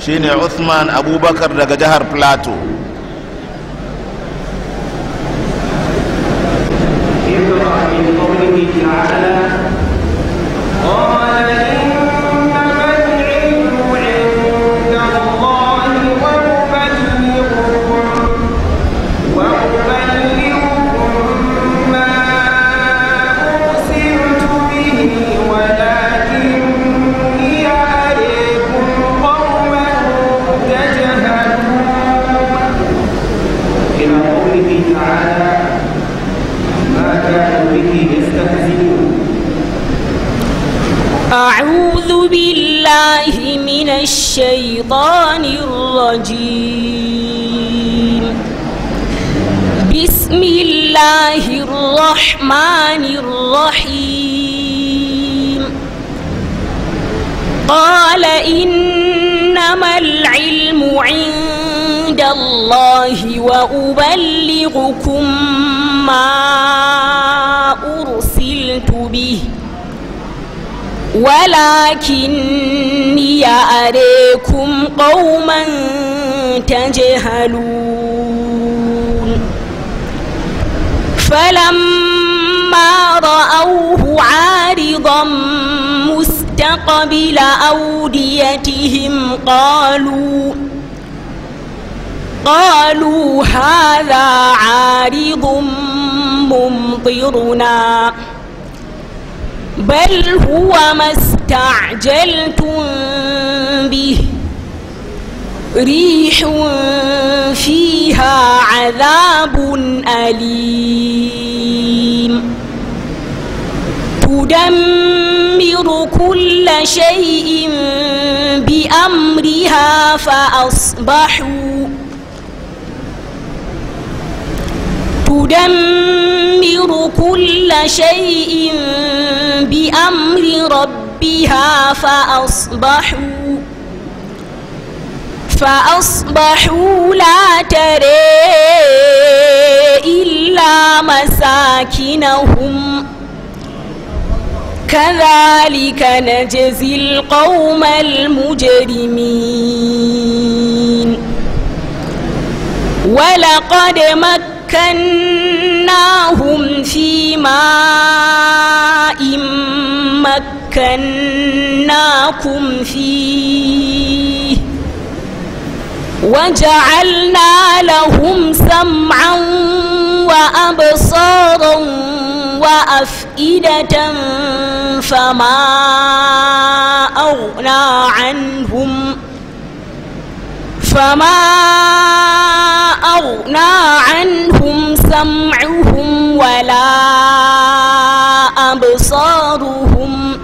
shine Uthman Abubakar daga jihar Plateau به أعوذ بالله من الشيطان الرجيم بسم الله الرحمن الرحيم قال إنما العلم عند الله وأبلغكم ما أرسلت به ولكني أريكم قوما تجهلون فلما رأوه عارضا مستقبل أوديتهم قالوا قالوا هذا عارض ممطرنا بل هو ما استعجلتم به ريح فيها عذاب أليم تدمر كل شيء بأمرها فأصبحوا تدمر كل شيء بأمر ربها فأصبحوا فأصبحوا لا تري إلا مساكنهم كذلك نجزي القوم المجرمين ولقد مكنا مكناهم في ماء مكناكم فيه وجعلنا لهم سمعا وأبصارا وأفئدة فما أغنى عنهم فما أبصارهم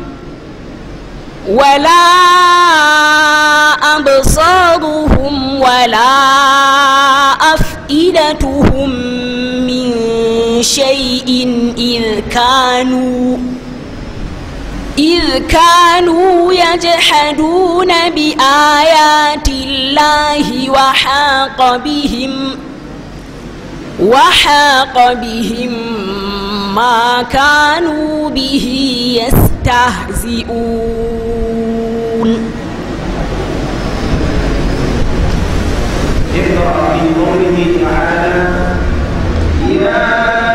ولا أبصارهم ولا أفئدتهم من شيء إذ كانوا إذ كانوا يجحدون بآيات الله وحاق بهم وحاق بهم وما كانوا به يستهزئون اقرأ في قوله تعالى إذا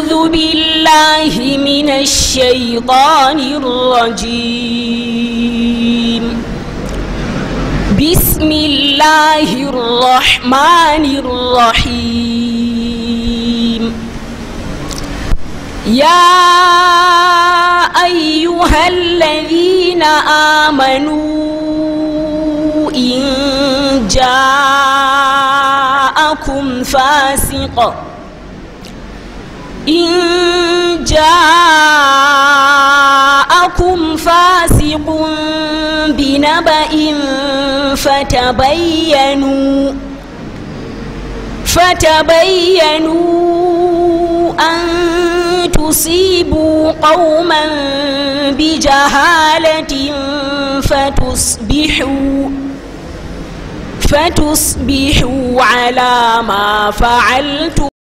أعوذ بالله من الشيطان الرجيم بسم الله الرحمن الرحيم يا أيها الذين آمنوا إن جاءكم فاسقاً إن جاءكم فاسق بنبأ فتبينوا فتبينوا أن تصيبوا قوما بجهالة فتصبحوا فتصبحوا على ما فعلتم